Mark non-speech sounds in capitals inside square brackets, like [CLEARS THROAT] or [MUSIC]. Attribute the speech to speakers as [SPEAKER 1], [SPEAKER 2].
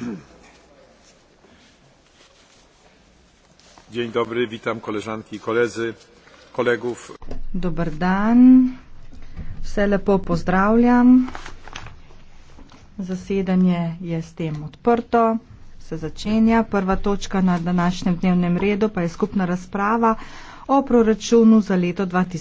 [SPEAKER 1] [CLEARS THROAT] Dzień dobry, witam koleżanki i koledzy, kolegów.
[SPEAKER 2] Dobar dan, vse lepo pozdravljam. Zasedanje je s tem odprto, se začenja. Prva točka na današnjem dnevnem redu pa je skupna razprava o proračunu za leto 2020.